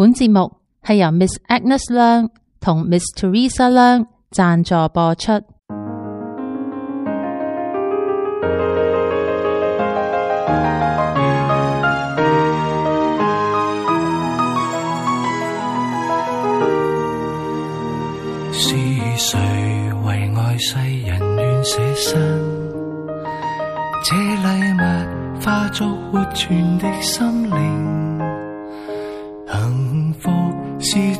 本節目係由 Miss Agnes 梁同 Miss Teresa 梁贊助播出。是誰為愛世人願捨身？這禮物化作活存的心。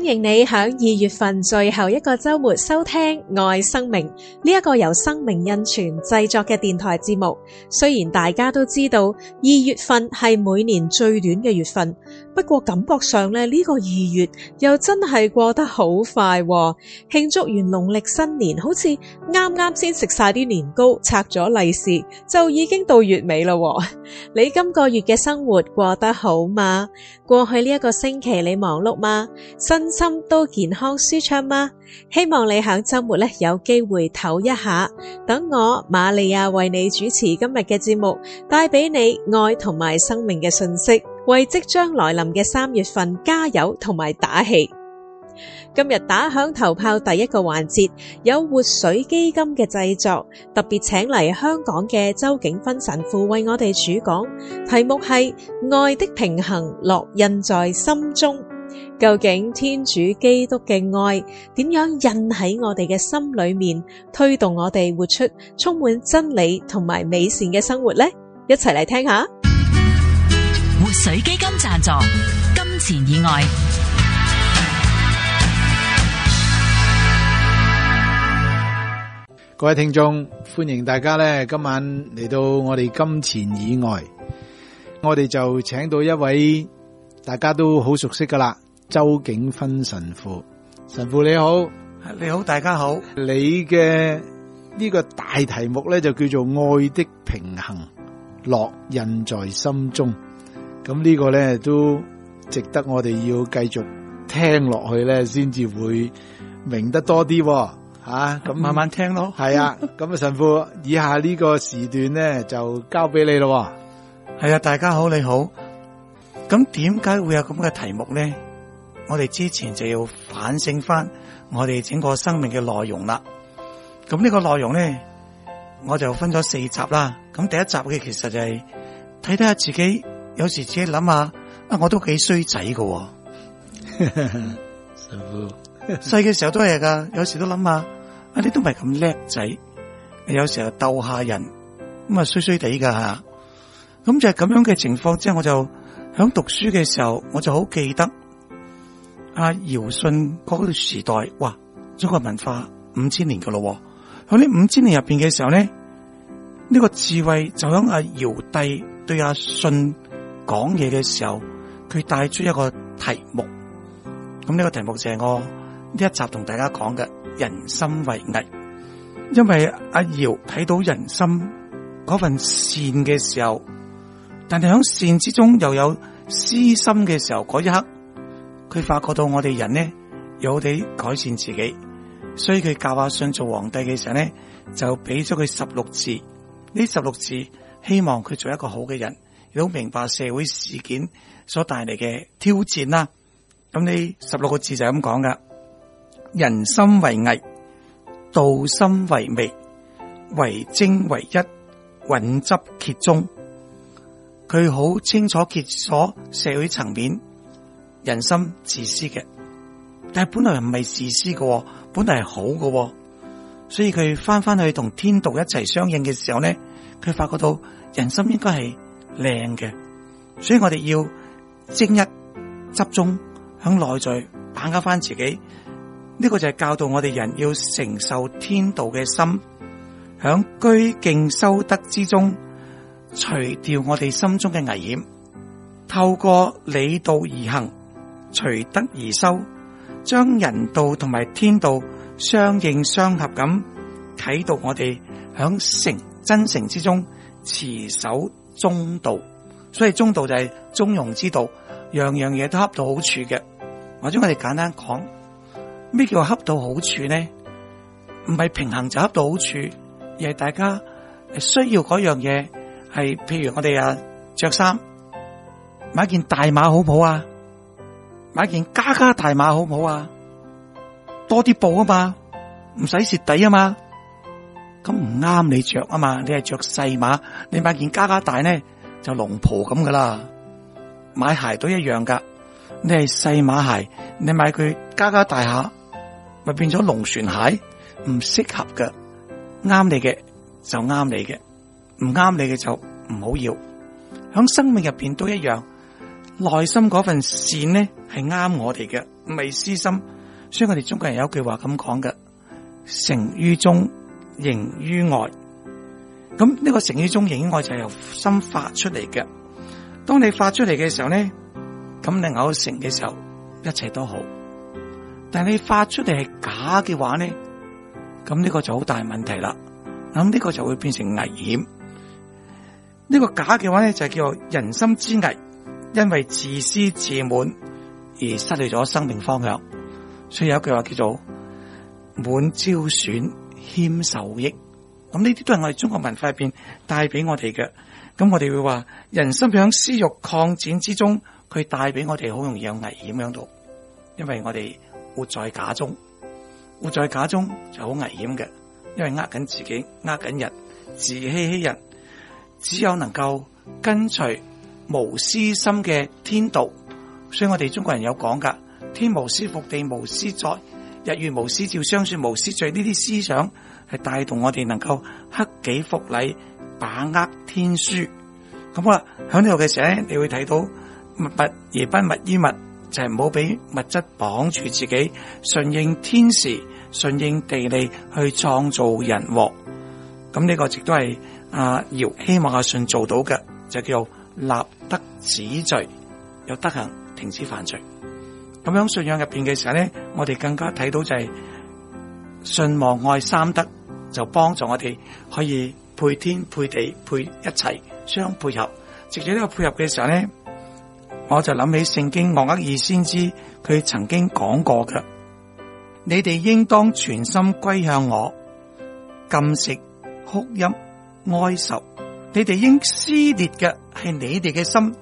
歡迎你喺二月份最後一個周末收聽《愛生命》呢一、這個由生命印傳製作嘅電台節目。雖然大家都知道二月份係每年最短嘅月份。不過感覺上咧，呢、呢個二月又真係過得好快、喎，慶祝完農曆新年，好似啱啱先食晒啲年糕，拆咗利是，就已經到月尾啦、喎。 你今個月嘅生活過得好嗎？過去呢一個星期你忙碌嗎？身心都健康舒暢嗎？希望你喺周末咧有機會唞一下。等我瑪利亞為你主持今日嘅節目，帶俾你愛同埋生命嘅信息。為即將來臨嘅三月份加油同埋打氣。今日打響頭炮第一個環節，有活水基金嘅製作，特別請嚟香港嘅周景芬神父為我哋主講，題目係，愛的平衡烙印在心中。究竟天主基督嘅愛，點樣印喺我哋嘅心裏面，推動我哋活出充滿真理同埋美善嘅生活呢？一齊嚟聽下！水基金贊助《金錢以外》，各位聽眾，歡迎大家咧，今晚嚟到我哋《金錢以外》，我哋就請到一位大家都好熟悉㗎喇，周景芬神父。神父你好，你好，大家好。你嘅呢個大題目咧就叫做《愛的平衡》，烙印在心中。咁呢個咧都值得我哋要繼續聽落去咧，先至會明得多啲，吓、啊、咁慢慢聽咯。係 啊，咁啊神父，以下呢個時段咧就交俾你咯。係啊，大家好，你好。咁點解會有咁嘅題目咧？我哋之前就要反省翻我哋整個生命嘅內容啦。咁呢個內容咧，我就分咗四集啦。咁第一集嘅其實就係睇睇下自己。有時自己諗下，啊，我都幾衰仔噶、哦，細嘅 時候都係噶，有時都諗下，啊，你都唔係咁叻仔，有時候鬥下人，咁、嗯、啊衰衰地噶、啊、咁、嗯、就係、是、咁樣嘅情況。之、就、係、是、我就響讀書嘅時候，我就好記得阿堯舜嗰個時代，哇，中國文化五千年噶咯、哦，響呢五千年入邊嘅時候咧，呢、這個智慧就響阿堯帝對阿舜講嘢嘅時候，佢帶出一個題目。咁、這、呢個題目就係我呢一集同大家講嘅人心惟危。因為阿堯睇到人心嗰份善嘅時候，但係響善之中又有私心嘅時候，嗰一刻，佢發覺到我哋人呢有啲改善自己，所以佢教阿舜做皇帝嘅時候呢，就俾咗佢十六字。呢十六字希望佢做一個好嘅人。佢好明白社會事件所帶嚟嘅挑戰啦。咁呢十六個字就係咁講噶：人心惟危，道心惟微，惟精惟一，允執厥中。佢好清楚揭所社會層面人心自私嘅，但係本來唔係自私嘅，本來係好嘅。所以佢翻翻去同天道一齊相應嘅時候咧，佢發覺到人心應該係靚嘅，所以我哋要精一集中響內在，把握翻自己。呢、這個就係教導我哋人要承受天道嘅心，響居敬修德之中，除掉我哋心中嘅危險。透過理道而行，隨德而修，將人道同埋天道相應相合咁，啟導我哋響誠真誠之中持守中道，所以中道就係中庸之道，樣樣嘢都恰到好處嘅。或者我哋簡單講，咩叫恰到好處咧？唔係平衡就恰到好處，而係大家需要嗰樣嘢，係譬如我哋啊着衫買件大碼好唔好啊？買件加加大碼好唔好啊？多啲布啊嘛，唔使蝕底啊嘛。咁唔啱你着啊嘛，你係着細碼，你買件加加大呢，就龍婆咁噶啦。買鞋都一樣噶，你係細碼鞋，你買佢加加大下，咪變咗龍船鞋，唔適合嘅。啱你嘅就啱你嘅，唔啱你嘅就唔好要，要。響生命入邊都一樣，內心嗰份善呢，係啱我哋嘅，唔係私心。所以我哋中國人有句話咁講嘅，誠於中。形於外，咁呢個成語中形於外就係由心發出嚟嘅。當你發出嚟嘅時候咧，咁你有成嘅時候，一切都好。但係你發出嚟係假嘅話咧，咁呢個就好大問題啦。咁呢個就會變成危險。呢、這個假嘅話咧就係叫做人心之危，因為自私自滿而失去咗生命方向。所以有一句話叫做滿招損。謙受益，咁呢啲都係我哋中國文化入邊帶俾我哋嘅。咁我哋會話，人生響私欲擴展之中，佢帶俾我哋好容易有危險響度，因為我哋活在假中，活在假中就好危險嘅，因為呃緊自己，呃緊人，自欺欺人。只有能夠跟隨無私心嘅天道，所以我哋中國人有講噶：天無私福，地無私災。日月無私照，相雪無私罪。呢啲思想係帶動我哋能夠克己復禮，把握天書。咁啊，喺呢度嘅時候，你會睇到物物而不物衣物，就係唔好俾物質綁住自己，順應天時，順應地利，去創造人和。咁呢個亦都係、啊、阿堯希望阿順做到嘅，就叫做立德止罪，有德行停止犯罪。咁樣信仰入邊嘅時候咧，我哋更加睇到就係信望愛三德，就幫助我哋可以配天配地配一切相配合。直至呢個配合嘅時候咧，我就諗起聖經岳厄爾先知佢曾經講過嘅： 你哋應當全心歸向我，禁食、哭泣、哀愁。你哋應撕裂嘅係你哋嘅心，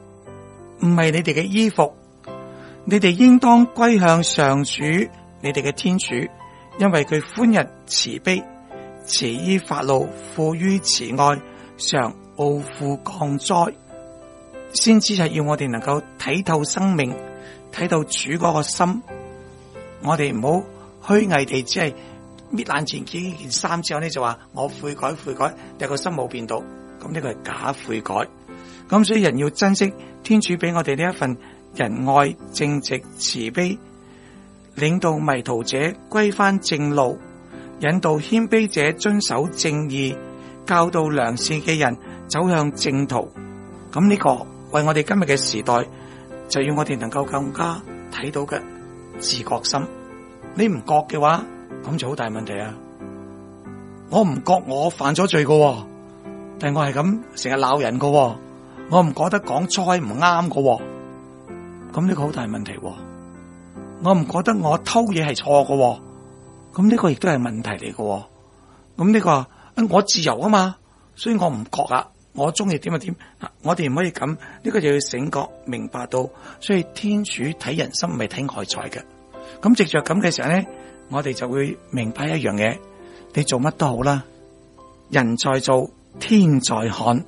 唔係你哋嘅衣服。你哋應當歸向上主，你哋嘅天主，因為佢寬仁慈悲，遲於發怒，富於慈愛，常懊悔降災。先知係要我哋能夠睇透生命，睇到主嗰個心。我哋唔好虛偽地只係搣爛前幾件衫之後呢，就話我悔改悔改，但係個心冇變到，咁呢個係假悔改。咁所以人要珍惜天主俾我哋呢一份。仁愛正直慈悲，領導迷途者歸翻正路，引導謙卑者遵守正義，教導良善嘅人走向正途。咁呢個為我哋今日嘅時代，就要我哋能夠更加睇到嘅自覺心。你唔覺嘅話，咁就好大問題啊！我唔覺我犯咗罪噶，但我係咁成日鬧人噶，我唔覺得講錯係唔啱噶。咁呢個好大問題，我唔覺得我偷嘢係錯嘅，咁呢個亦都係問題嚟嘅。咁呢個我自由啊嘛，所以我唔覺啊，我中意點就點。我哋唔可以咁，呢個就要醒覺明白到，所以天主睇人心唔係睇外在嘅。咁直着咁嘅時候咧，我哋就會明白一樣嘢，你做乜都好啦，人在做，天在看，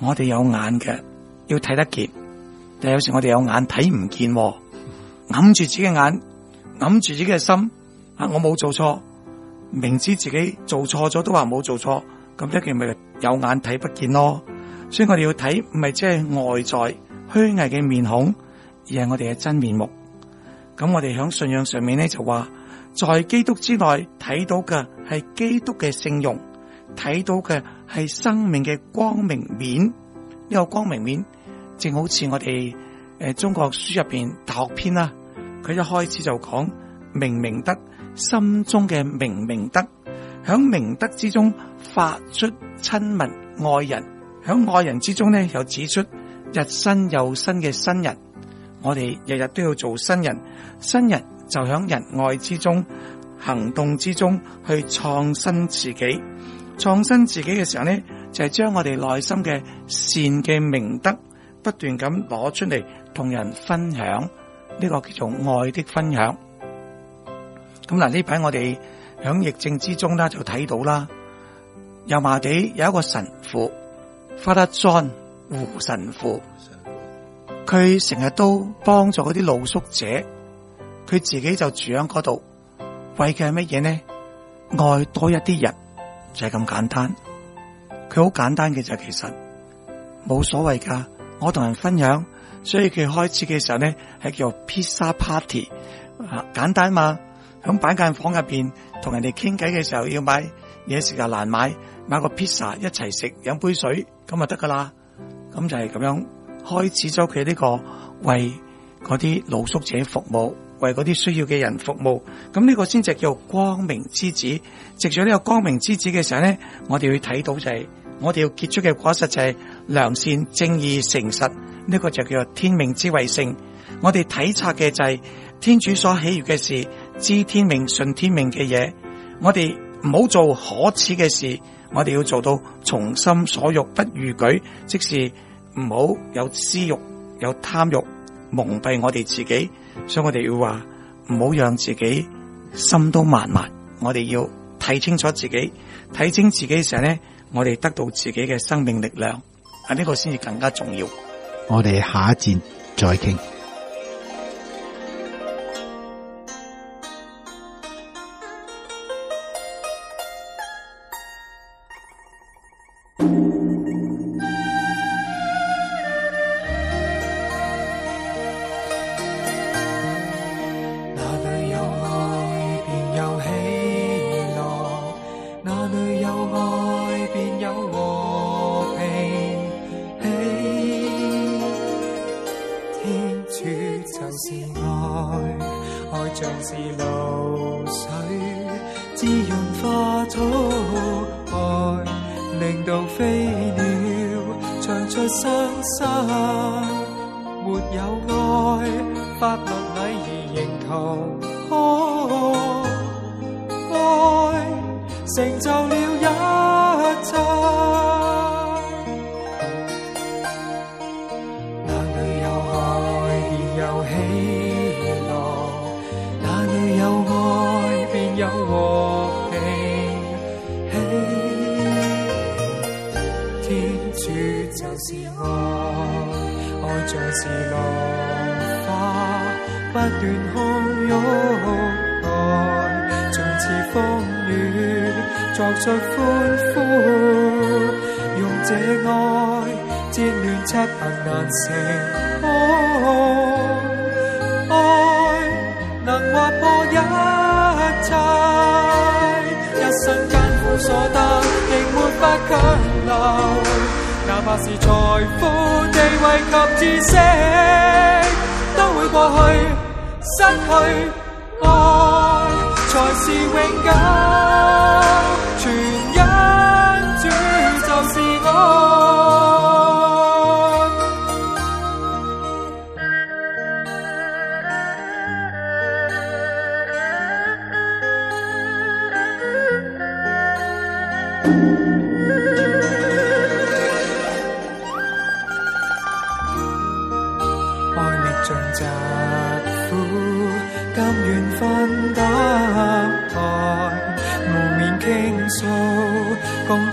我哋有眼嘅要睇得見。但有時我哋有眼睇唔見、哦，揞住自己嘅眼，揞住自己嘅心。啊，我冇做錯，明知自己做錯咗，都話冇做錯。咁一句咪有眼睇唔見咯。所以我哋要睇，咪即係外在虛偽嘅面孔，而係我哋嘅真面目。咁我哋喺信仰上面咧，就話在基督之內睇到嘅係基督嘅聖容，睇到嘅係生命嘅光明面。呢、這個光明面。正好似我哋誒，中國書入邊大學篇啦。佢一開始就講明明德，心中嘅明明德，響明德之中發出親民愛人。響愛人之中咧，又指出日新又新嘅新人。我哋日日都要做新人，新人就響仁愛之中行動之中去創新自己。創新自己嘅時候咧，就係、是、將我哋內心嘅善嘅明德。不斷咁攞出嚟同人分享呢，這個叫做愛的分享。咁嗱呢排我哋響疫症之中咧就睇到啦，油麻地有一個神父，法德專胡神父，佢成日都幫助嗰啲露宿者，佢自己就住喺嗰度，為嘅係乜嘢呢？愛多一啲人就係、是、咁簡單，佢好簡單嘅就係其實冇所謂噶。我同人分享，所以佢開始嘅時候咧係叫做披薩 party，啊，簡單嘛，響板間房入邊同人哋傾偈嘅時候要買嘢食就難買，買個披薩一齊食，飲杯水咁就得噶啦，咁就係咁樣開始咗佢呢個為嗰啲露宿者服務，為嗰啲需要嘅人服務，咁呢個先至叫做光明之子，食咗呢個光明之子嘅時候咧，我哋會睇到就係，我哋要結出嘅果實就係。良善、正義誠實呢，呢個就叫做天命之謂性。我哋體察嘅就係、係、天主所喜悦嘅事，知天命、信天命嘅嘢。我哋唔好做可恥嘅事，我哋要，要做到從心所欲不逾矩，即是唔好有私欲、有貪欲，蒙蔽我哋自己。所以我哋要話唔好讓自己心都慢慢，我哋要睇清楚自己，睇清自己嘅時候咧，我哋得到自己嘅生命力量。呢個先至更加重要，我哋下一節再傾。失去，失去，愛才是永久。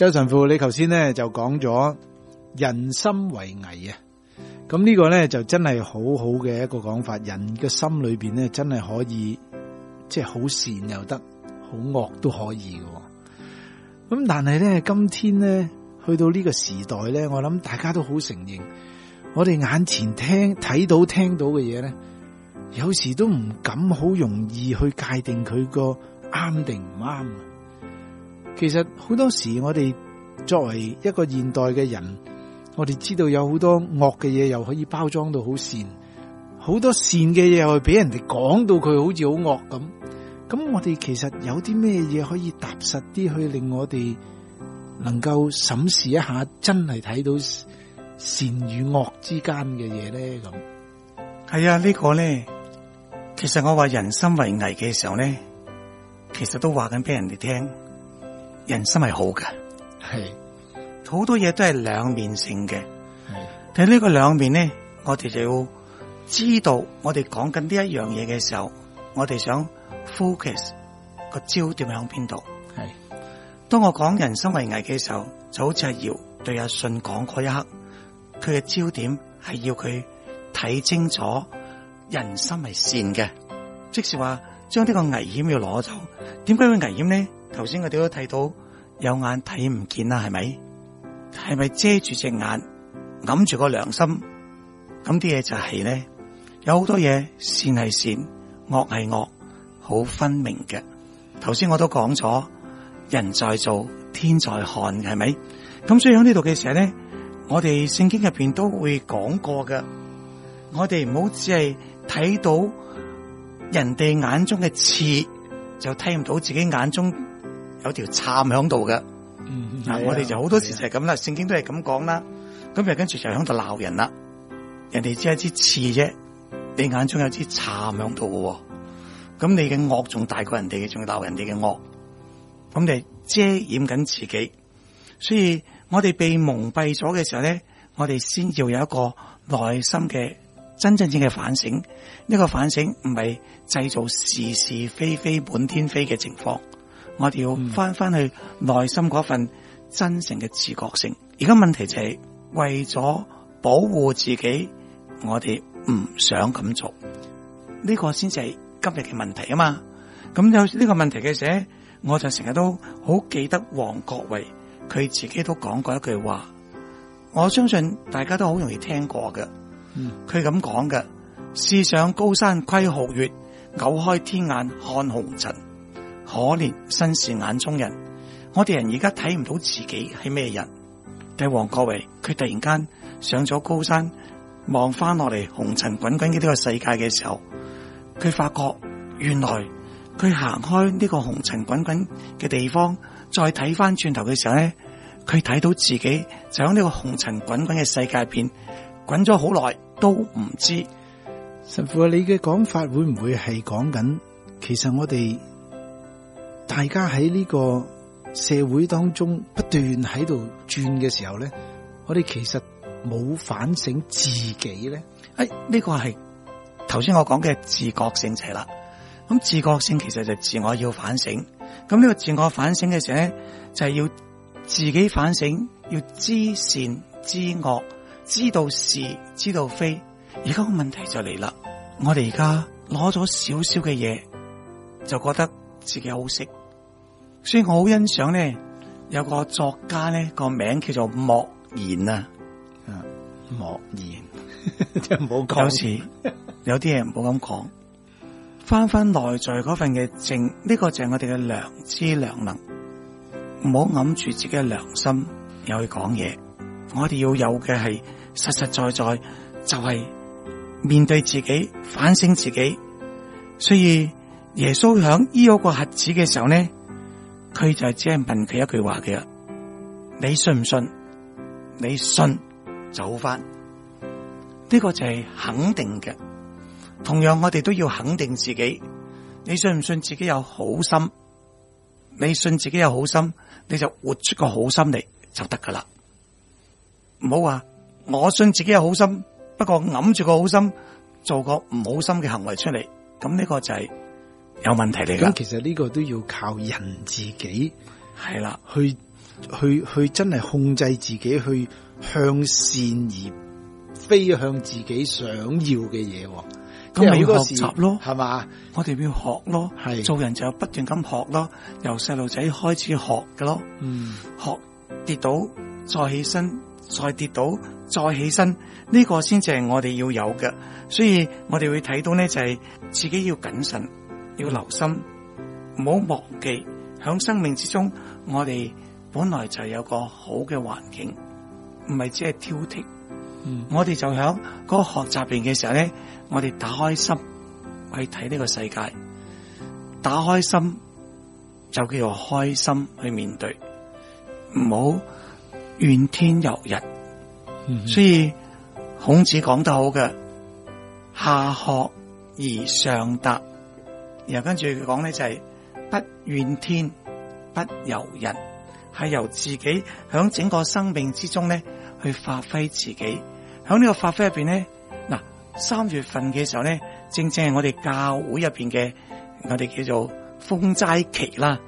周神父，你頭先咧就講咗人心為危啊！咁呢個咧就真係好好嘅一個講法，人嘅心裏邊咧真係可以即係好善又得好惡都可以嘅。咁但係咧，今天咧去到呢個時代咧，我諗大家都好承認，我哋眼前聽睇到聽到嘅嘢咧，有時都唔敢好容易去界定佢個啱定唔啱。其實好多時我哋作為一個現代嘅人，我哋知道有好多惡嘅嘢，又可以包裝到好善，好多善嘅嘢，又俾人哋講到佢好似好惡咁。咁我哋其實有啲咩嘢，可以踏實啲去令我哋能夠審視一下，真係睇到善與惡之間嘅嘢咧咁。係啊，呢個咧，其實我話人心惟危嘅時候咧，其實都話緊俾人哋聽。人心係好嘅，係好是多嘢都係兩面性嘅。是但係呢個兩面咧，我哋就要知道，我哋講緊呢一樣嘢嘅時候，我哋想 focus 個焦點響邊度？係是當我講人心為危嘅時候，就好似阿姚對阿信講一刻，佢嘅焦點係要佢睇清楚，人心係善嘅，嗯、即係話將呢個危險要攞走，點解會危險呢？頭先我哋都睇到有眼睇唔見啦，係咪？係咪遮住隻眼，揞住個良心？咁啲嘢就係咧，有好多嘢善係善，惡係惡，好分明嘅。頭先我都講咗，人在做，天在看，係咪？咁所以喺呢度嘅時候咧，我哋聖經入邊都會講過嘅，我哋唔好只係睇到人哋眼中嘅刺，就睇唔到自己眼中，有條杉響度，嘅，嗱、嗯、我哋就好多時就係咁啦，聖經都係咁講啦，咁就跟住就響度鬧人啦，人哋只係支刺啫，你眼中有支杉響度嘅，咁、嗯、你嘅惡仲大過人哋，嘅，仲要鬧人哋嘅惡，咁你遮掩緊自己，所以我哋被蒙蔽咗嘅時候咧，我哋先要有一個內心嘅真真正嘅反省，呢、這個反省唔係製造是是非非滿天飛嘅情況。我哋要翻翻去內心嗰份真誠嘅自覺性。而家問題就係為咗保護自己，我哋唔想咁做。呢、這個先至係今日嘅問題啊嘛。咁有呢個問題嘅時，我就成日都好記得王國維佢自己都講過一句話，我相信大家都好容易聽過嘅。佢咁講嘅，試上高山窺皓月，偶開天眼看紅塵。可憐身是眼中人，我哋人而家睇唔到自己係咩人。但係王國維佢突然間上咗高山望翻落嚟紅塵滾滾嘅呢個世界嘅時候，佢發覺原來佢行開呢個紅塵滾滾嘅地方，再睇翻轉頭嘅時候咧，佢睇到自己就喺呢個紅塵滾滾嘅世界邊滾咗好耐都唔知。神父啊，你嘅講法會唔會係講緊其實我哋？大家喺呢個社會當中不斷喺度轉嘅時候咧，我哋其實冇反省自己咧。誒呢、哎呢個係頭先我講嘅自覺性嗻啦。咁自覺性其實就自我要反省。咁呢個自我反省嘅時候咧，就、係、是、要自己反省，要知善知惡，知道是知道非。而家個問題就嚟啦，我哋而家攞咗少少嘅嘢，就覺得自己好識。所以我好欣賞咧，有個作家咧，個名叫做莫言啊，嗯、莫言， 即係唔好講有時，有啲嘢唔好咁講。翻翻內在嗰份嘅正，呢、這個就係我哋嘅良知良能，唔好揞住自己嘅良心又去講嘢。我哋要有嘅係實實在在，在，就係、是、面對自己，反省自己。所以耶穌響醫嗰個瞎子嘅時候咧。佢就係只係問佢一句話嘅，你信唔信？你信就翻，呢個就係肯定嘅。同樣，我哋都要肯定自己。你信唔信自己有好心？你信自己有好心，你就活出個好心嚟，就得噶啦。唔好話我信自己有好心，不過揞住個好心，做個唔好心嘅行為出嚟。咁呢個就係。有問題嚟，咁，其實呢個都要靠人自己，係啦的，去去去，真係控制自己，去向善而非向自己想要嘅嘢。咁咪要學習咯，係嘛吧？我哋要學咯，係是做人就不斷咁學咯，由細路仔開始學嘅咯，嗯，學跌倒再起身，再跌倒再起身，呢、這個先至係我哋要有嘅。所以我哋會睇到咧，就係、是、自己要謹慎。要留心，唔好忘記響生命之中，我哋本來就有個好嘅環境，唔係只係挑剔。嗯、我哋就響嗰個學習邊嘅時候咧，我哋打開心去睇呢個世界，打開心就叫做開心去面對，唔好怨天尤人。嗯、哼所以孔子講得好嘅，下學而上達。然後跟住佢講咧就係不怨天不尤人，係由自己響整個生命之中咧去發揮自己。響呢個發揮入邊咧，嗱，三月份嘅時候咧，正正係我哋教會入邊嘅我哋叫做封齋期啦。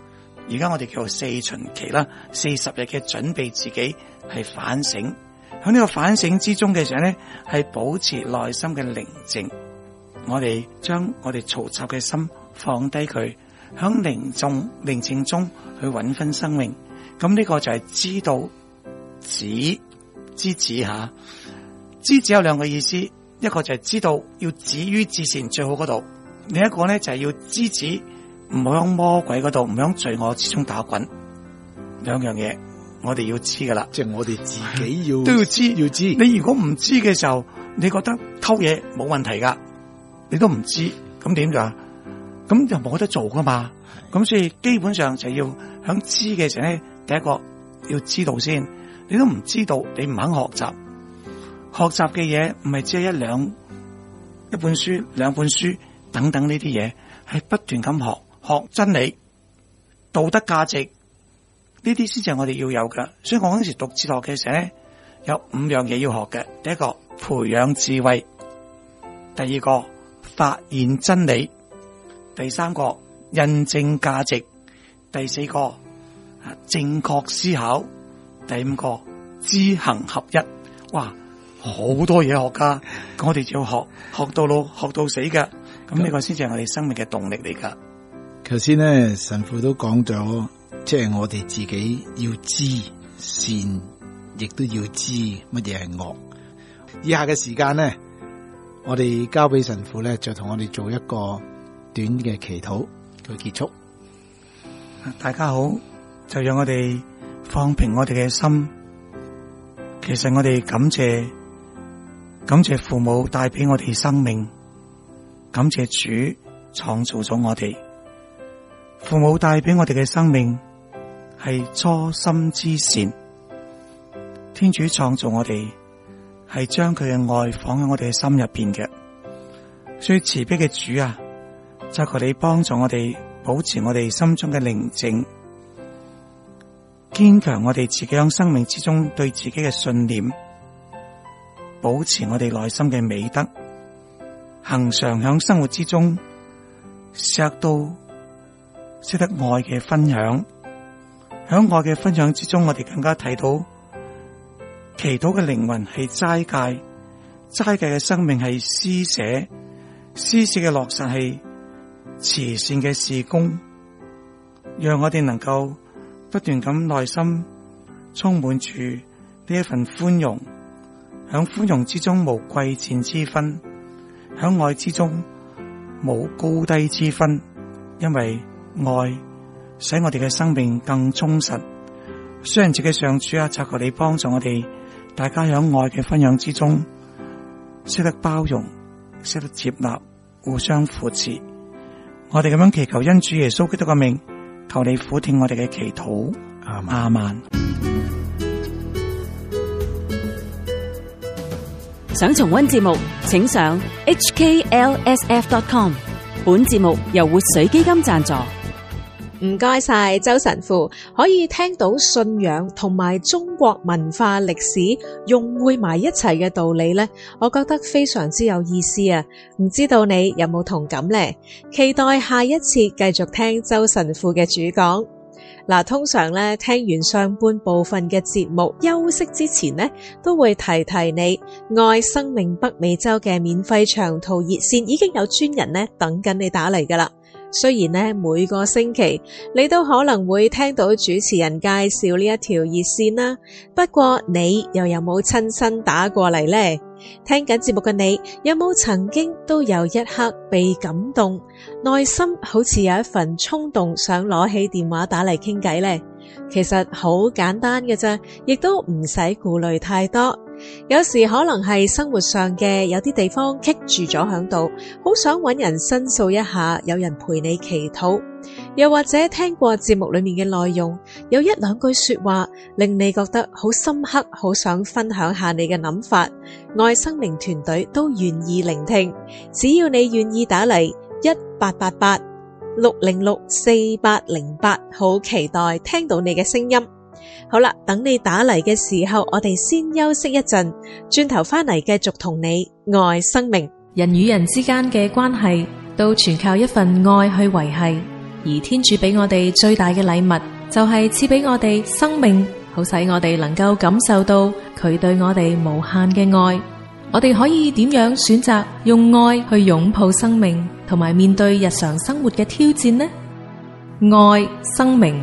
而家我哋叫做四旬期啦，四十日嘅準備自己係反省。響呢個反省之中嘅時候咧，係保持內心嘅寧靜。我哋將我哋嘈雜嘅心。放低佢，響凝重、寧靜中去搵分生命。咁呢個就係知道止之止吓。知止，止，、啊、止，止有兩個意思，一個就係知道要止於至善最好嗰度，另一個咧就係要知止，止，唔好響魔鬼嗰度，唔響罪惡之中打滾。兩樣嘢我哋要知噶啦，即係我哋自己要 都要知要知。你如果唔知嘅時候，你覺得偷嘢冇問題噶，你都唔知，咁點咋？咁就冇得做噶嘛，咁所以基本上就要響知嘅時候咧，第一個要知道先，你都唔知道，你唔肯學習，學習嘅嘢唔係只係一兩一本書、兩本書等等呢啲嘢，係不斷咁學學真理、道德價值呢啲先至係我哋要有嘅。所以我嗰時讀哲學嘅時候咧，有五樣嘢要學嘅，第一個培養智慧，第二個發現真理。第三個印證價值，第四個啊正確思考，第五個知行合一，哇，好多嘢學家， 我哋要學，學到老學到死㗎，咁呢個先至係我哋生命嘅動力嚟噶。頭先咧神父都講咗，即係我哋自己要知善，亦都要知乜嘢係惡。以下嘅時間咧，我哋交俾神父咧，就同我哋做一個。短嘅祈禱，佢結束。大家好，就讓我哋放平我哋嘅心。其實我哋感謝，感謝父母帶俾我哋生命，感謝主創造咗我哋。父母帶俾我哋嘅生命係初心之善，天主創造我哋係將佢嘅愛放喺我哋嘅心入邊嘅。所以，慈悲嘅主啊！就求你幫助我哋保持我哋心中嘅寧靜，堅強我哋自己響生命之中對自己嘅信念，保持我哋內心嘅美德，恒常響生活之中，錫到識得愛嘅分享。響愛嘅分享之中，我哋更加睇到祈禱嘅靈魂係齋戒，齋戒嘅生命係施捨，施捨嘅落實係。慈善嘅事工，讓我哋能夠不斷咁內心充滿住呢一份寬容，響寬容之中無貴賤之分，響愛之中無高低之分，因為愛使我哋嘅生命更充實。雖然自己上主啊，察求你幫助我哋，大家響愛嘅分享之中，識得包容，識得接納，互相扶持。我哋咁樣祈求恩主耶穌基督嘅名，求你撫聽我哋嘅祈禱。阿曼，阿曼，想重温節目，請上 hklsf.com。本節目由活水基金贊助。唔該晒，謝謝周神父。可以聽到信仰同埋中國文化歷史融匯埋一齊嘅道理呢，我覺得非常之有意思啊！唔知道你有冇同感呢？期待下一次繼續聽周神父嘅主講。嗱，通常咧聽完上半部分嘅節目，休息之前呢，都會提提你愛生命北美洲嘅免費長途熱線，已經有專人呢等緊你打嚟噶啦。雖然呢每個星期你都可能會聽到主持人介紹呢一條熱線啦，不過你又有冇親身打過嚟？呢聽緊節目嘅你有冇曾經都有一刻被感動，內心好似有一份衝動，想攞起電話打嚟傾偈呢？其實好簡單嘅啫，亦都唔使顧慮太多。有時可能係生活上嘅有啲地方棘住咗響度，好想揾人申訴一下，有人陪你祈禱，又或者聽過節目裏面嘅內容，有一兩句說話令你覺得好深刻，好想分享下你嘅諗法，愛生命團隊都願意聆聽，只要你願意打嚟一八八八六零六四八零八，好期待聽到你嘅聲音。好啦，等你打嚟嘅時候，我哋先休息一陣，轉頭翻嚟繼續同你，愛生命。人與人之間嘅關係都全靠一份愛去維繫，而天主俾我哋最大嘅禮物，就係賜俾我哋生命，好使我哋能夠感受到佢對我哋無限嘅愛，我哋可以點樣選擇用愛去擁抱生命，同埋面對日常生活嘅挑戰呢？愛生命。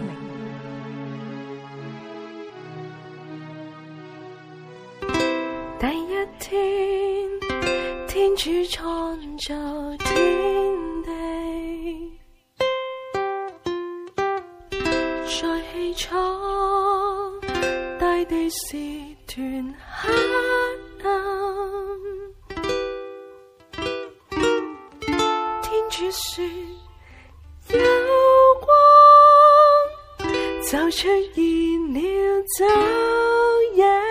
在天地，再起初，大地是團黑暗。天主説有光，就出現了晝夜，yeah。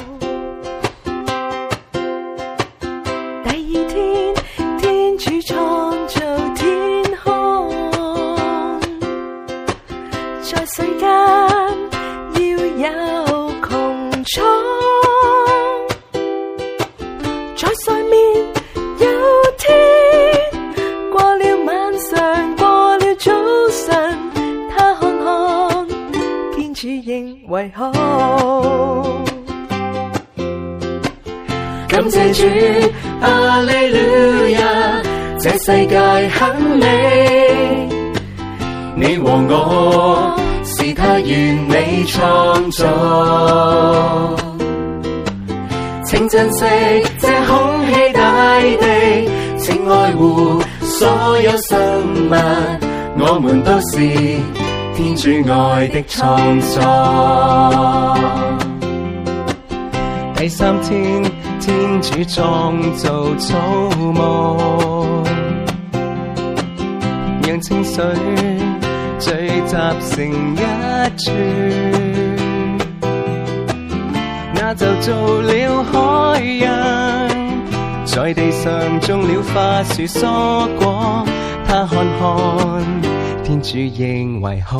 感謝主，阿利路亞，這世界很美。你和我是他完美創作。請珍惜這空氣大地，請愛護所有生物。我們都是天主愛的創作。第三天。天主創造草木，讓清水聚集成一處，那就做了海洋，在地上種了花樹蔬果，他看看天主認為好。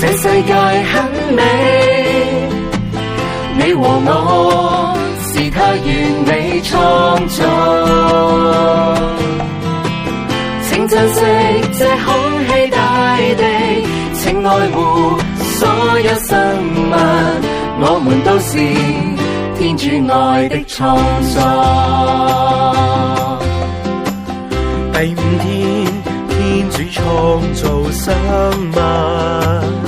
這世界很美，你和我是他完美創造。請珍惜這空氣大地，請愛護所有生物。我們都是天主愛的創作。第五天，天主創造生物。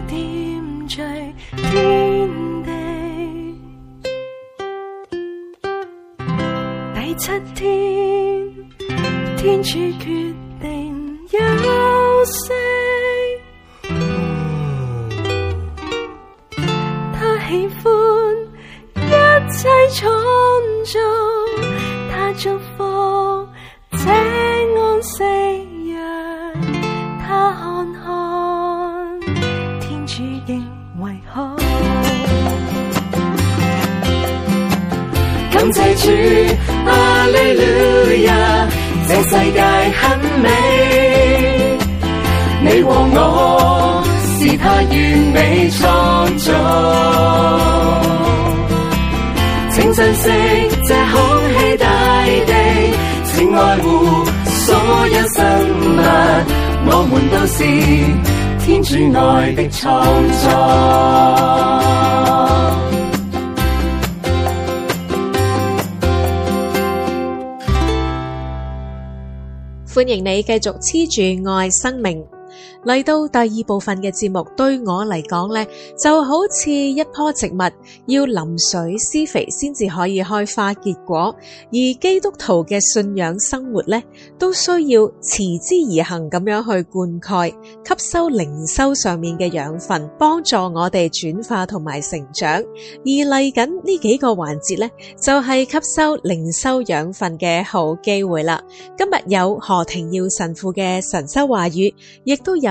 天主決定休息，他喜歡一切創造，他祝福且安息，讓他看看天主仍為好。感謝主，阿利路。世界很美，你和我是他完美創造。 請珍惜這空氣大地，請愛護所有生物。我們都是天主愛的創造。歡迎你繼續黐住愛生命。嚟到第二部分嘅節目，對我嚟講咧，就好似一棵植物要淋水施肥先至可以開花結果；而基督徒嘅信仰生活咧，都需要持之以恆咁樣去灌溉、吸收靈修上面嘅養分，幫助我哋轉化同埋成長。而嚟緊呢幾個環節咧，就係、是、吸收靈修養分嘅好機會啦。今日有何庭耀神父嘅神修話語，亦都有。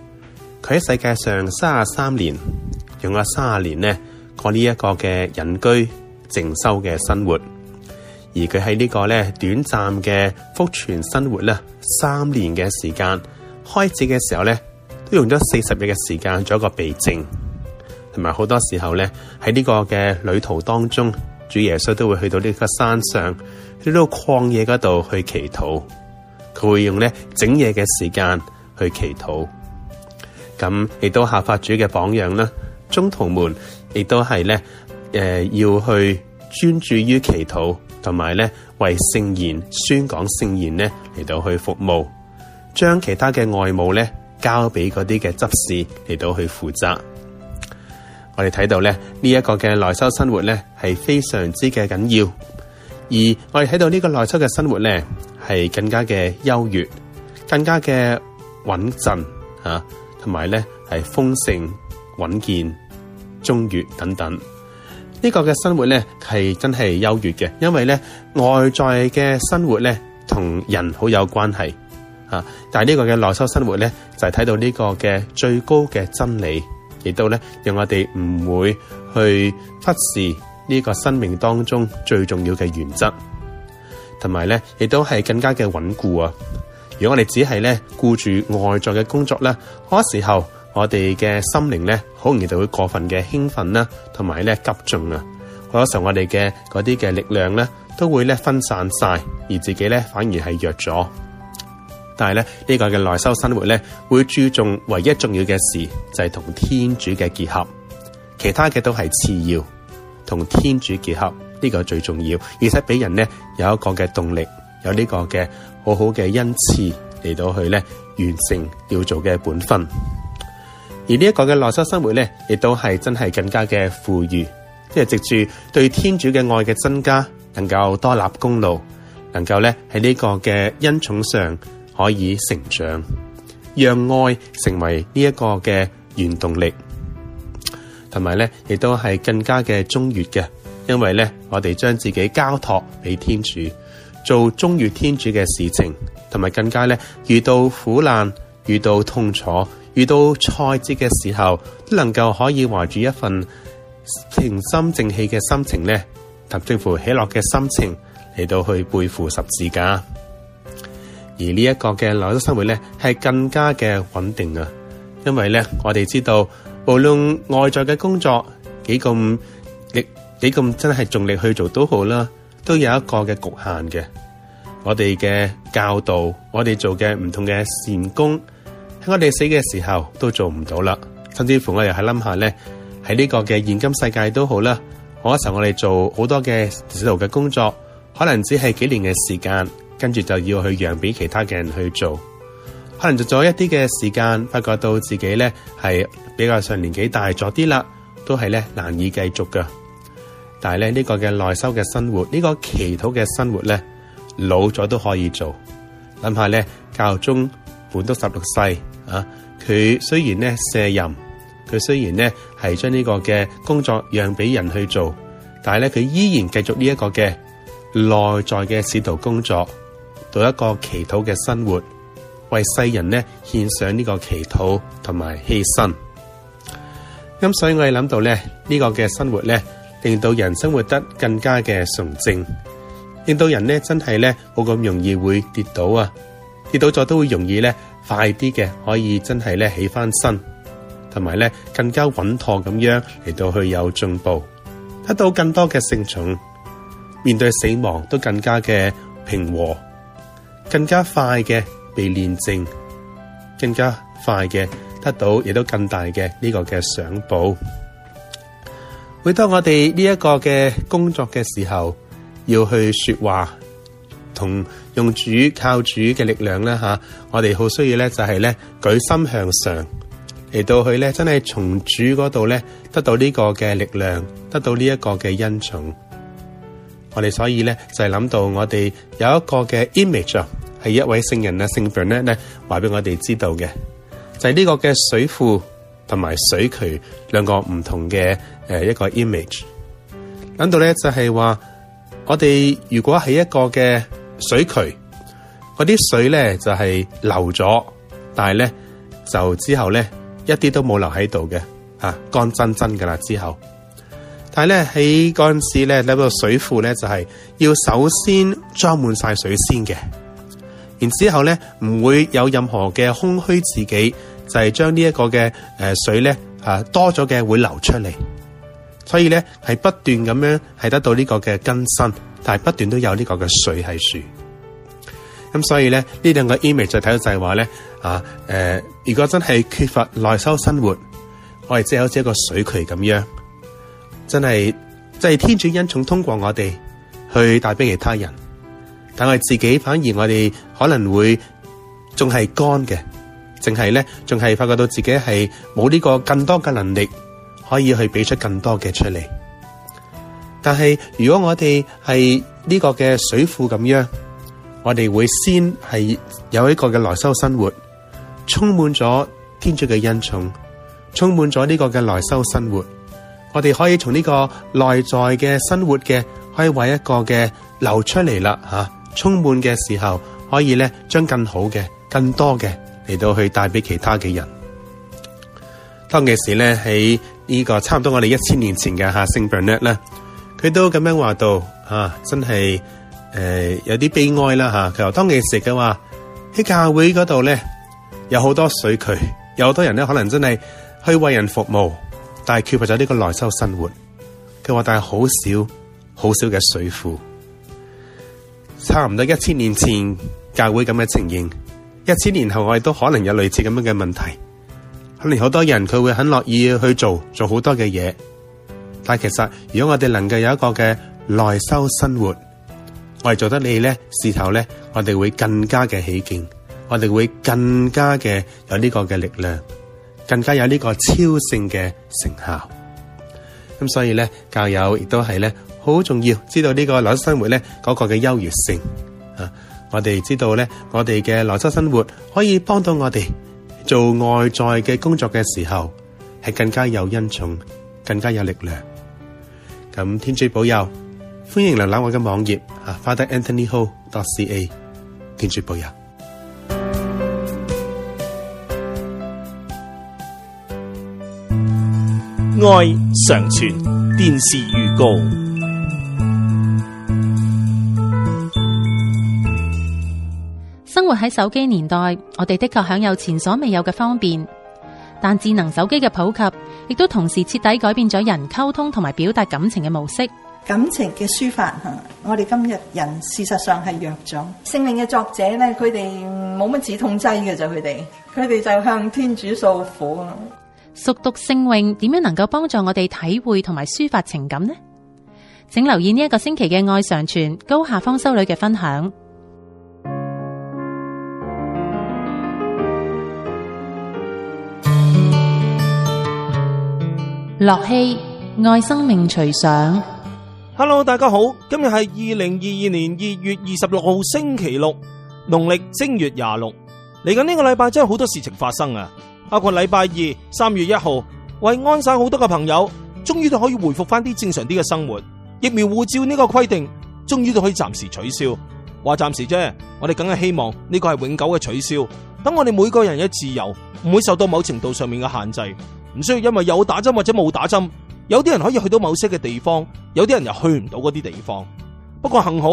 佢喺世界上三十三年，用咗三十年咧過呢一個嘅隱居靜修嘅生活。而佢喺呢個咧短暫嘅福傳生活咧三年嘅時間，開始嘅時候咧都用咗四十日嘅時間做一個避靜。同埋好多時候咧喺呢個嘅旅途當中，主耶穌都會去到呢個山上，去到曠野嗰度去祈禱。佢會用咧整夜嘅時間去祈禱。咁亦都效法主嘅榜樣啦。宗徒們亦都係咧，誒、呃，要去專注於祈禱，同埋咧為聖言宣講聖言咧嚟到去服務，將其他嘅外務咧交俾嗰啲嘅執事嚟到去負責。我哋睇到咧呢一，這個嘅內修生活咧係非常之嘅緊要，而我哋睇到呢個內修嘅生活咧係更加嘅優越，更加嘅穩陣啊。同埋咧，係豐盛、穩健、中悅等等，呢、這個嘅生活咧係真係優越嘅，因為咧外在嘅生活咧同人好有關係啊，但係呢個嘅內修生活咧就係、是、睇到呢個嘅最高嘅真理，亦都咧讓我哋唔會去忽視呢個生命當中最重要嘅原則，同埋咧亦都係更加嘅穩固啊。如果我哋只係咧顧住外在嘅工作咧，好多時候我哋嘅心靈咧，好容易就會過分嘅興奮啦，同埋咧急進啊！好多時候我哋嘅嗰啲嘅力量咧，都會咧分散晒，而自己咧反而係弱咗。但係咧呢個嘅內修生活咧，會注重唯一重要嘅事就係同天主嘅結合，其他嘅都係次要。同天主結合呢個最重要，而且俾人咧有一個嘅動力。有呢個嘅好好嘅恩賜嚟到去咧，完成要做嘅本分，而呢一個嘅內修生活咧，亦都係真係更加嘅富裕，即係藉住對天主嘅愛嘅增加，能夠多立功勞，能夠咧喺呢個嘅恩寵上可以成長，讓愛成為呢一個嘅原動力，同埋咧亦都係更加嘅中悅嘅，因為咧我哋將自己交託俾天主。做忠於天主嘅事情，同埋更加咧遇到苦難、遇到痛楚、遇到挫折嘅時候，都能夠可以懷住一份平心靜氣嘅心情咧，及政附喜樂嘅心情嚟到去背負十字架。而呢一個嘅勞碌生活咧，係更加嘅穩定啊！因為咧，我哋知道，無論外在嘅工作幾咁力，幾咁真係盡力去做都好啦。都有一個嘅局限嘅，我哋嘅教導，我哋做嘅唔同嘅善功，喺我哋死嘅時候都做唔到啦。甚至乎我又喺諗下咧，喺呢個嘅現今世界都好啦。嗰時候我哋做好多嘅世俗嘅工作，可能只係幾年嘅時間，跟住就要去讓俾其他嘅人去做。可能就做咗一啲嘅時間，發覺到自己咧係比較上年紀大咗啲啦，都係咧難以繼續噶。但係咧，呢、這個嘅內修嘅生活，呢、這個祈禱嘅生活咧，老咗都可以做。諗下咧，教宗本篤十六世啊，佢雖然咧卸任，佢雖然咧係將呢個嘅工作讓俾人去做，但係咧佢依然繼續呢一個嘅內在嘅使徒工作，到一個祈禱嘅生活，為世人咧獻上呢個祈禱同埋犧牲。咁、嗯、所以我哋諗到咧，呢、這個嘅生活咧。令到人生活得更加嘅純正，令到人咧真係咧冇咁容易會跌倒啊！跌倒咗都會容易咧快啲嘅可以真係咧起翻身，同埋咧更加穩妥咁樣嚟到去有進步，得到更多嘅成長，面對死亡都更加嘅平和，更加快嘅被煉淨，更加快嘅得到亦都更大嘅呢個嘅賞報。每當我哋呢一個嘅工作嘅時候，要去說話同用主靠主嘅力量咧吓、啊，我哋好需要咧就係咧舉心向上嚟到去咧，真係從主嗰度咧得到呢個嘅力量，得到呢一個嘅恩寵。我哋所以咧就係諗到我哋有一個嘅 image 係一位聖人啊，聖人呢，咧話俾我哋知道嘅，就係呢個嘅水庫。同埋水渠兩個唔同嘅誒、呃、一個 image，講到咧就係、是、話，我哋如果喺一個嘅水渠，嗰啲水咧就係、是、流咗，但係咧就之後咧一啲都冇留喺度嘅啊，乾真真㗎喇之後，但係咧喺嗰陣時咧喺個水庫咧就係、是、要首先裝滿晒水先嘅，然之後咧唔會有任何嘅空虛自己。就係將呢一個嘅誒水咧吓多咗嘅會流出嚟，所以咧係不斷咁樣係得到呢個嘅更新，但係不斷都有呢個嘅水喺樹。咁、嗯、所以咧呢兩個 image 就睇到就係話咧啊誒、呃，如果真係缺乏內修生活，我哋只係好似一個水渠咁樣，真係即係天主恩寵通過我哋去帶俾其他人，但係自己反而我哋可能會仲係乾嘅。淨係咧，仲係發覺到自己係冇呢個更多嘅能力，可以去俾出更多嘅出嚟。但係如果我哋係呢個嘅水庫咁樣，我哋會先係有一個嘅內修生活，充滿咗天主嘅恩寵，充滿咗呢個嘅內修生活，我哋可以從呢個內在嘅生活嘅，可以為一個嘅流出嚟啦吓，充滿嘅時候，可以咧將更好嘅、更多嘅。嚟到去帶俾其他嘅人。當其時咧喺呢、這個差唔多我哋一千年前嘅夏聖伯納咧，佢、啊、都咁樣話到：「啊，真係誒、呃、有啲悲哀啦吓。」佢、啊、話當其時嘅話喺教會嗰度咧，有好多水渠，有好多人咧可能真係去為人服務，但係缺乏咗呢個內修生活。佢話但係好少好少嘅水庫。差唔多一千年前教會咁嘅情形。一千年後我哋都可能有類似咁樣嘅問題，可能好多人佢會很樂意去做做好多嘅嘢，但其實如果我哋能夠有一個嘅內修生活，我哋做得你呢事頭呢，我哋會更加嘅起勁，我哋會更加嘅有呢個嘅力量，更加有呢個超性嘅成效。咁所以呢，教友亦都係呢，好重要，知道呢個內修生活呢嗰個嘅優越性啊。我哋知道咧，我哋嘅內測生活可以幫到我哋做外在嘅工作嘅時候，係更加有恩寵，更加有力量。咁天主保佑，歡迎瀏覽我嘅網頁啊，Father Anthony Ho dot C A，天主保佑， 愛常傳，電視預告。喺手機年代，我哋的確享有前所未有嘅方便，但智能手機嘅普及，亦都同時徹底改變咗人溝通同埋表達感情嘅模式。感情嘅抒發，我哋今日人事實上係弱咗。聖詠嘅作者呢，佢哋冇乜止痛劑嘅就佢哋，佢哋就向天主訴苦。熟讀聖詠，點樣能夠幫助我哋體會同埋抒發情感呢？請留意呢一個星期嘅愛常傳高下方修女嘅分享。樂器愛生命隨想，Hello，大家好，今日係二零二二年二月二十六號星期六，農曆正月廿六。嚟緊呢個禮拜真係好多事情發生啊！包括禮拜二三月一號，為安省好多嘅朋友，終於都可以回復翻啲正常啲嘅生活。疫苗護照呢個規定，終於都可以暫時取消。話暫時啫，我哋梗係希望呢個係永久嘅取消。等我哋每個人嘅自由唔會受到某程度上面嘅限制。唔需要因為有打針或者冇打針，有啲人可以去到某些嘅地方，有啲人又去唔到嗰啲地方。不過幸好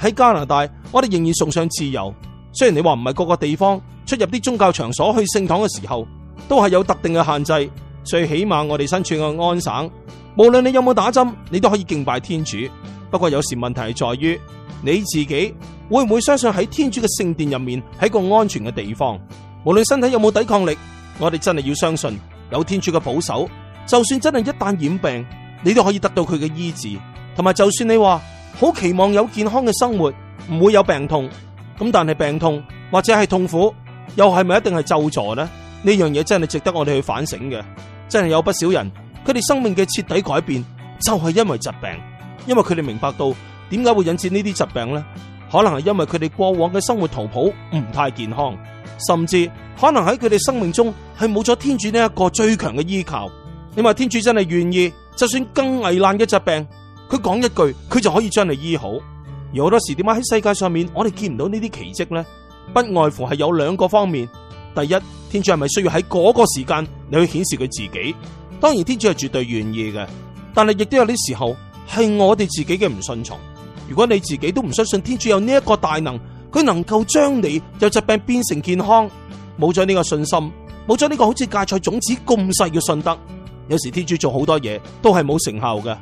喺加拿大，我哋仍然送上自由。雖然你話唔係各個地方出入啲宗教場所去聖堂嘅時候都係有特定嘅限制，最起碼我哋身處嘅安省，無論你有冇打針，你都可以敬拜天主。不過有時問題係在於你自己會唔會相信喺天主嘅聖殿入面係一個安全嘅地方，無論身體有冇抵抗力，我哋真係要相信，有天主嘅保守，就算真係一旦染病，你都可以得到佢嘅醫治。同埋，就算你話好期望有健康嘅生活，唔會有病痛。咁但係病痛或者係痛苦，又係咪一定係咒詛咧？呢樣嘢真係值得我哋去反省嘅。真係有不少人，佢哋生命嘅徹底改變，就係因為疾病。因為佢哋明白到點解會引致呢啲疾病咧？可能係因為佢哋過往嘅生活圖譜唔太健康。甚至可能喺佢哋生命中係冇咗天主呢一個最強嘅依靠。你話天主真係願意，就算更危難嘅疾病，佢講一句，佢就可以將你醫好。而好多時點解喺世界上面，我哋見唔到呢啲奇蹟咧？不外乎係有兩個方面：第一，天主係咪需要喺嗰個時間你去顯示佢自己？當然，天主係絕對願意嘅，但係亦都有啲時候係我哋自己嘅唔順從。如果你自己都唔相信天主有呢一個大能。佢能夠將你由疾病變成健康，冇咗呢個信心，冇咗呢個好似芥菜種子咁細嘅信德，有時天主做好多嘢都係冇成效嘅，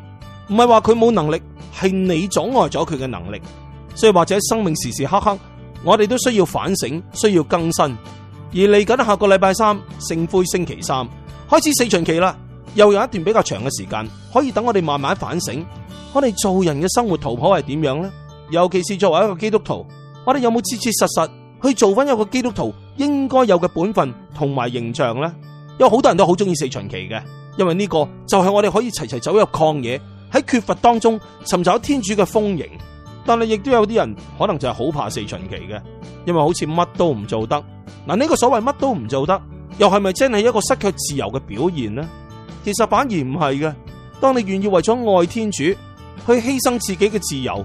唔係話佢冇能力，係你阻礙咗佢嘅能力。所以或者生命時時刻刻，我哋都需要反省，需要更新。而嚟緊下，下個禮拜三，聖灰星期三開始四旬期啦，又有一段比較長嘅時間可以等我哋慢慢反省，我哋做人嘅生活圖譜係點樣呢？尤其是作為一個基督徒。我哋有冇切切實實去做翻一個基督徒應該有嘅本分同埋形象呢？有好多人都好中意四旬期嘅，因為呢個就係我哋可以齊齊走入曠野，喺缺乏當中尋找天主嘅豐盈。但係亦都有啲人可能就係好怕四旬期嘅，因為好似乜都唔做得。嗱，呢個所謂乜都唔做得，又係咪真係一個失去自由嘅表現呢？其實反而唔係嘅。當你願意為咗愛天主去犧牲自己嘅自由，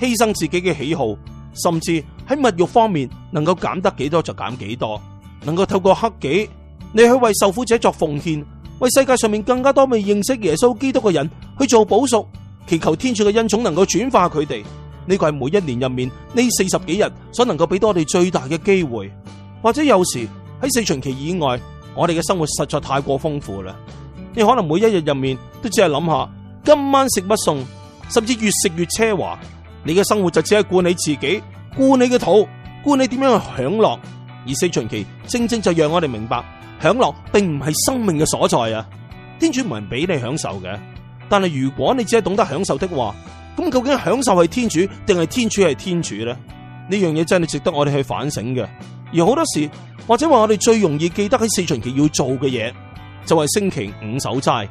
犧牲自己嘅喜好。甚至喺物欲方面能夠減得幾多就減幾多，能夠透過克己，你去為受苦者作奉獻，為世界上面更加多未認識耶穌基督嘅人去做補贖，祈求天主嘅恩寵能夠轉化佢哋。呢、這個係每一年入面呢四十幾日所能夠俾到我哋最大嘅機會，或者有時喺四旬期以外，我哋嘅生活實在太過豐富啦。你可能每一日入面都只係諗下今晚食乜餸，甚至越食越奢華。你嘅生活就只係顧你自己，顧你嘅肚，顧你點樣去享樂。而四旬期正正就讓我哋明白，享樂並唔係生命嘅所在啊！天主唔係俾你享受嘅，但係如果你只係懂得享受的話，咁究竟享受係天主定係天主係天主咧？呢樣嘢真係值得我哋去反省嘅。而好多時，或者話我哋最容易記得喺四旬期要做嘅嘢，就係星期五守齋。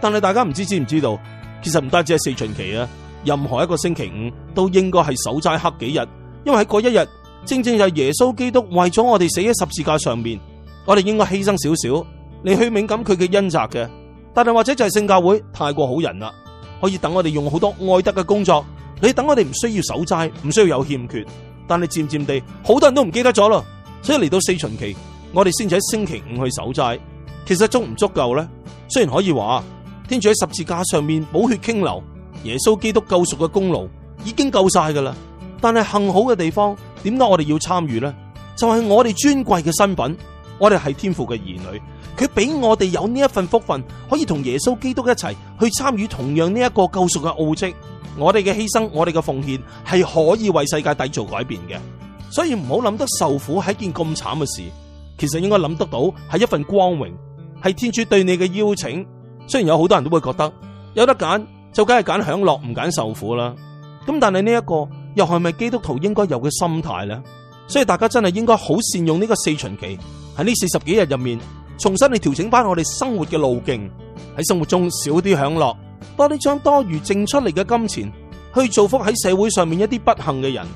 但係大家唔知知唔知道，其實唔單止係四旬期啊。任何一個星期五都應該係守齋黑幾日，因為喺嗰一日正正就係耶穌基督為咗我哋死喺十字架上面，我哋應該犧牲少少你去敏感佢嘅恩澤嘅。但係或者就係聖教會太過好人啦，可以等我哋用好多愛德嘅工作，你等我哋唔需要守齋，唔需要有欠缺，但係漸漸地好多人都唔記得咗咯。所以嚟到四旬期，我哋先至喺星期五去守齋，其實足唔足夠咧？雖然可以話天主喺十字架上面寶血傾流。耶穌基督救贖嘅功勞已經夠晒噶啦，但係幸好嘅地方，點解我哋要參與呢？就係、是、我哋尊貴嘅身份，我哋係天父嘅兒女，佢俾我哋有呢一份福分，可以同耶穌基督一齊去參與同樣呢一個救贖嘅奧跡。我哋嘅犧牲，我哋嘅奉獻，係可以為世界底做改變嘅。所以唔好諗得受苦係一件咁慘嘅事，其實應該諗得到係一份光榮，係天主對你嘅邀請。雖然有好多人都會覺得有得揀。就梗係揀享樂唔揀受苦啦，咁但係呢一個又係咪基督徒應該有嘅心態呢？所以大家真係應該好善用呢個四旬期，喺呢四十幾日入面，重新嚟調整返我哋生活嘅路徑，喺生活中少啲享樂，多啲將多餘剩出嚟嘅金錢去造福喺社會上面一啲不幸嘅人，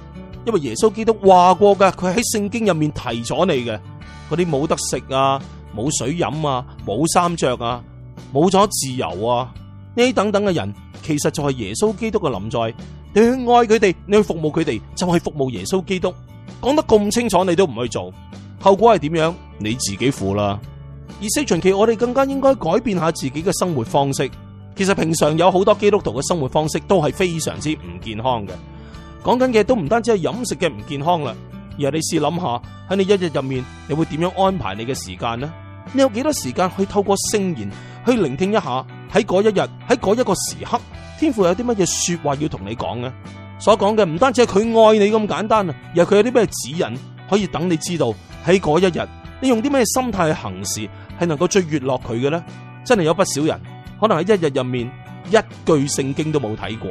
因為耶穌基督話過㗎，佢喺聖經入面提咗你嘅嗰啲冇得食啊，冇水飲啊，冇衫着啊，冇咗自由啊。呢等等嘅人，其實就係耶穌基督嘅臨在。你去愛佢哋，你去服務佢哋，就係服務耶穌基督。講得咁清楚，你都唔去做，後果係點樣？你自己負啦。而四旬期，我哋更加應該改變下自己嘅生活方式。其實平常有好多基督徒嘅生活方式都係非常之唔健康嘅。講緊嘅都唔單止係飲食嘅唔健康啦，而係你試諗下，喺你一日入面，你會點樣安排你嘅時間呢？你有幾多時間去透過聖言去聆聽一下？喺嗰一日，喺嗰一個時刻，天父有啲乜嘢說話要同你講呢？所講嘅唔單止係佢愛你咁簡單啊，而係佢有啲咩指引可以等你知道。喺嗰一日，你用啲咩心態去行事，係能夠最悅落佢嘅呢？真係有不少人，可能喺一日入面一句聖經都冇睇過。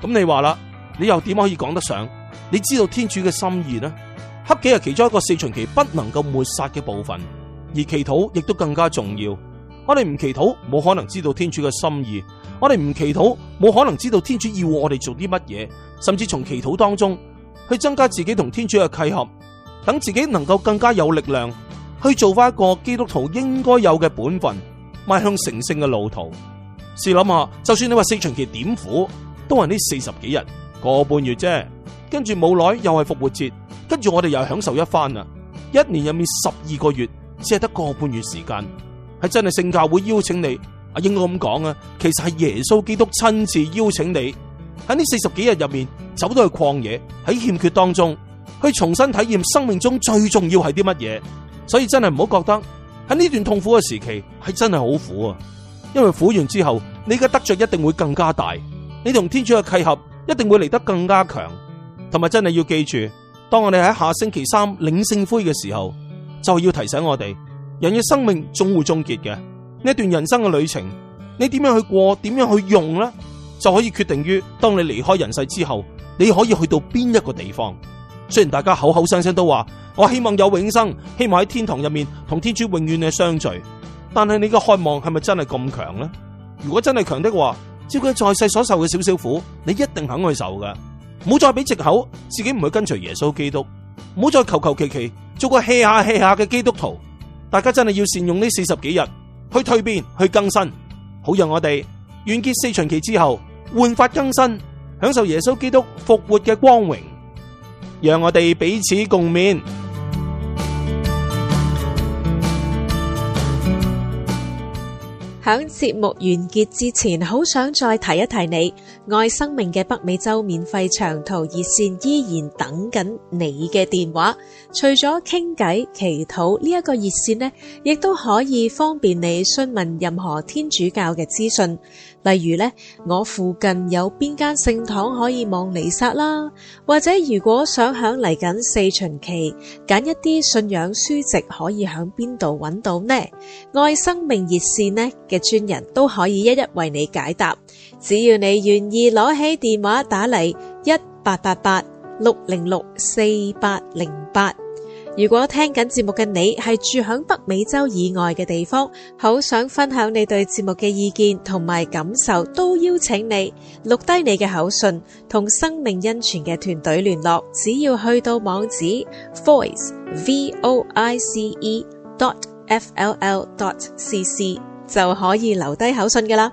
咁你話啦，你又點可以講得上？你知道天主嘅心意呢？黑幾日係其中一個四旬期不能夠抹殺嘅部分，而祈禱亦都更加重要。我哋唔祈禱，冇可能知道天主嘅心意；我哋唔祈禱，冇可能知道天主要我哋做啲乜嘢。甚至從祈禱當中去增加自己同天主嘅契合，等自己能夠更加有力量去做返一個基督徒應該有嘅本分，邁向成聖嘅路途。試諗下，就算你話四旬期點苦，都係呢四十幾日個半月啫。跟住冇耐又係復活節，跟住我哋又係享受一番啦。一年入面十二個月，只係得個半月時間。係真係聖教會邀請你，我應該咁講啊，其實係耶穌基督親自邀請你喺呢四十幾日入面，走到去曠野，喺欠缺當中去重新體驗生命中最重要係啲乜嘢，所以真係唔好覺得喺呢段痛苦嘅時期係真係好苦啊，因為苦完之後你嘅得着一定會更加大，你同天主嘅契合一定會嚟得更加強，同埋真係要記住，當我哋喺下星期三領聖灰嘅時候，就要提醒我哋。人嘅生命總會終結嘅，呢段人生嘅旅程，你點樣去過，點樣去用呢？就可以決定於當你離開人世之後，你可以去到邊一個地方。雖然大家口口聲聲都話，我希望有永生，希望喺天堂入面同天主永遠嘅相聚，但係你嘅渴望係咪真係咁強呢？如果真係強的話，照佢在世所受嘅少少苦，你一定肯去受嘅。唔好再俾借口自己唔去跟隨耶穌基督，唔好再求求其其做個 hea 下 hea 下嘅基督徒。大家真係要善用呢四十幾日去蛻變、去更新，好讓我哋完結四旬期之後煥發更新，享受耶穌基督復活嘅光榮，讓我哋彼此共勉。響節目完結之前，好想再提一提你。愛生命嘅北美洲免費長途熱線依然等緊你嘅電話。除咗傾偈、祈禱呢一個熱線呢，亦都可以方便你詢問任何天主教嘅資訊。例如呢，我附近有邊間聖堂可以望彌撒啦，或者如果想響嚟緊四旬期揀一啲信仰書籍，可以響邊度揾到呢？愛生命熱線呢嘅專人都可以一一為你解答。只要你願意攞起電話打嚟一八八八六零六四八零八，如果聽緊節目嘅你係住響北美洲以外嘅地方，好想分享你對節目嘅意見同埋感受，都邀請你錄低你嘅口信，同生命恩泉嘅團隊聯絡。只要去到網址 voice v o i c e dot f l l dot c c 就可以留低口信噶啦。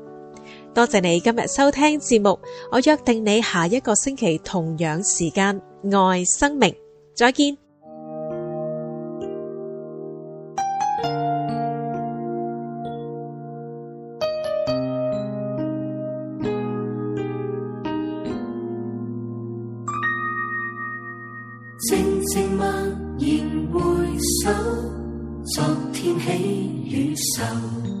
多謝你今日收聽節目，我約定你下一個星期同樣時間愛生命，再見。靜靜默然回首，昨天喜與愁。